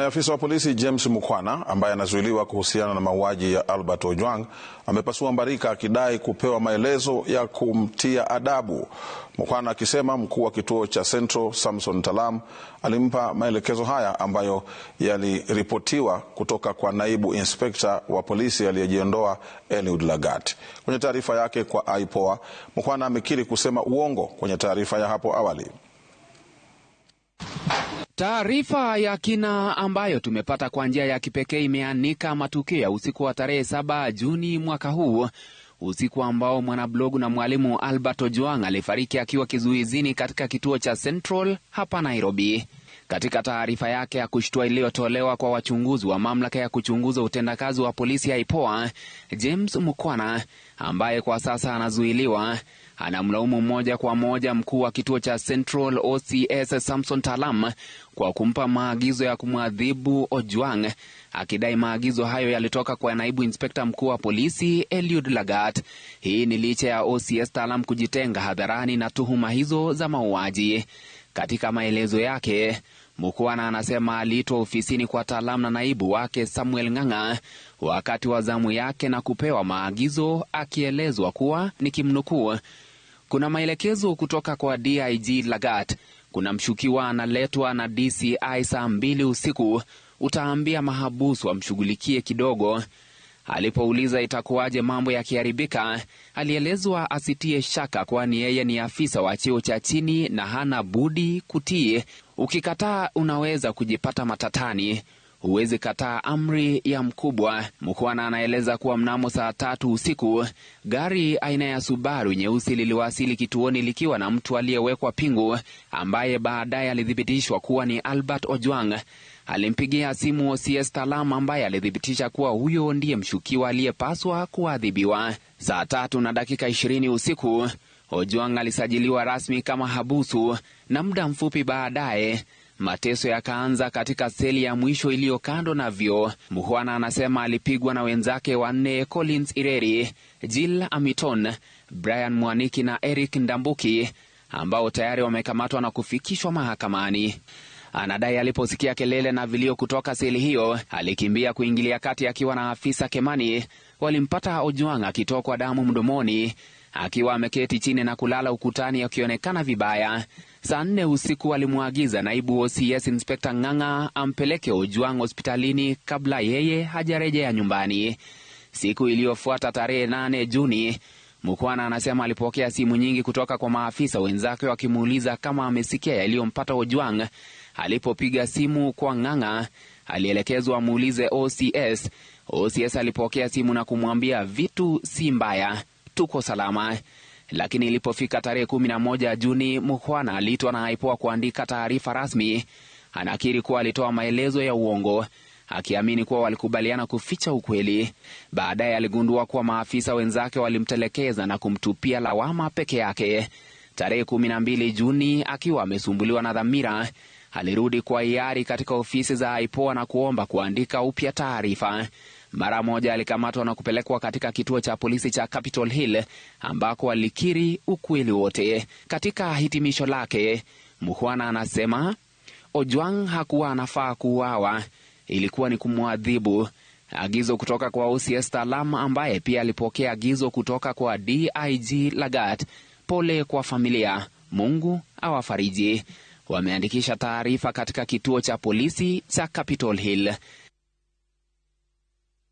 Afisa wa polisi James mukwana ambaye anazuiliwa kuhusiana na mauaji ya Albert Ojwang amepasua mbarika akidai kupewa maelezo ya kumtia adabu. Mukwana akisema mkuu wa kituo cha Central Samson Talam alimpa maelekezo haya ambayo yaliripotiwa kutoka kwa naibu inspekta wa polisi aliyejiondoa Eliud Lagat. Kwenye taarifa yake kwa IPOA, mukwana amekiri kusema uongo kwenye taarifa ya hapo awali. Taarifa ya kina ambayo tumepata kwa njia ya kipekee imeanika matukio ya usiku wa tarehe 7 Juni mwaka huu, usiku ambao mwanablogu na mwalimu Albert Ojwang alifariki akiwa kizuizini katika kituo cha Central hapa Nairobi. Katika taarifa yake ya kushtua iliyotolewa kwa wachunguzi wa mamlaka ya kuchunguza utendakazi wa polisi ya IPOA, James Mukwana ambaye kwa sasa anazuiliwa anamlaumu moja kwa moja mkuu wa kituo cha Central OCS Samson Talam kwa kumpa maagizo ya kumwadhibu Ojwang, akidai maagizo hayo yalitoka kwa naibu inspekta mkuu wa polisi Eliud Lagat. Hii ni licha ya OCS Talam kujitenga hadharani na tuhuma hizo za mauaji. Katika maelezo yake Mukwana anasema aliitwa ofisini kwa Talam na naibu wake Samuel Ng'ang'a wakati wa zamu yake na kupewa maagizo, akielezwa kuwa ni kimnukuu kuna maelekezo kutoka kwa DIG Lagat. Kuna mshukiwa analetwa na DCI saa mbili usiku, utaambia mahabusu amshughulikie kidogo. Alipouliza itakuwaje mambo yakiharibika, alielezwa asitie shaka, kwani yeye ni afisa wa cheo cha chini na hana budi kutii. Ukikataa unaweza kujipata matatani huwezi kataa amri ya mkubwa. Mukwana anaeleza kuwa mnamo saa tatu usiku gari aina ya Subaru nyeusi liliwasili kituoni likiwa na mtu aliyewekwa pingu ambaye baadaye alithibitishwa kuwa ni Albert Ojwang. Alimpigia simu OCS Talam ambaye alithibitisha kuwa huyo ndiye mshukiwa aliyepaswa kuadhibiwa. Saa tatu na dakika ishirini usiku Ojwang alisajiliwa rasmi kama habusu na muda mfupi baadaye Mateso yakaanza katika seli ya mwisho iliyo kando na vyoo. Muhwana anasema alipigwa na wenzake wanne Collins Ireri, Jill Amiton, Brian Mwaniki na Eric Ndambuki ambao tayari wamekamatwa na kufikishwa mahakamani. Anadai aliposikia kelele na vilio kutoka seli hiyo alikimbia kuingilia kati akiwa na afisa Kemani. Walimpata Ojwang akitokwa damu mdomoni akiwa ameketi chini na kulala ukutani akionekana vibaya. Saa nne usiku alimwagiza naibu OCS Inspekta Ng'ang'a ampeleke Ojwang hospitalini kabla yeye hajarejea nyumbani. Siku iliyofuata tarehe 8 Juni, Mukwana anasema alipokea simu nyingi kutoka kwa maafisa wenzake wakimuuliza kama amesikia yaliyompata Ojwang. Alipopiga simu kwa Ng'ang'a, alielekezwa amuulize OCS. OCS alipokea simu na kumwambia vitu si mbaya tuko salama. Lakini ilipofika tarehe kumi na moja Juni, Mukhwana aliitwa na IPOA kuandika taarifa rasmi. Anakiri kuwa alitoa maelezo ya uongo akiamini kuwa walikubaliana kuficha ukweli. Baadaye aligundua kuwa maafisa wenzake walimtelekeza na kumtupia lawama peke yake. Tarehe kumi na mbili Juni, akiwa amesumbuliwa na dhamira, alirudi kwa hiari katika ofisi za IPOA na kuomba kuandika upya taarifa. Mara moja alikamatwa na kupelekwa katika kituo cha polisi cha Capitol Hill ambako alikiri ukweli wote. Katika hitimisho lake, Mukhwana anasema Ojwang hakuwa anafaa kuuawa, ilikuwa ni kumwadhibu. Agizo kutoka kwa OCS Talam ambaye pia alipokea agizo kutoka kwa DIG Lagat. Pole kwa familia, Mungu awafariji. Wameandikisha taarifa katika kituo cha polisi cha Capitol Hill.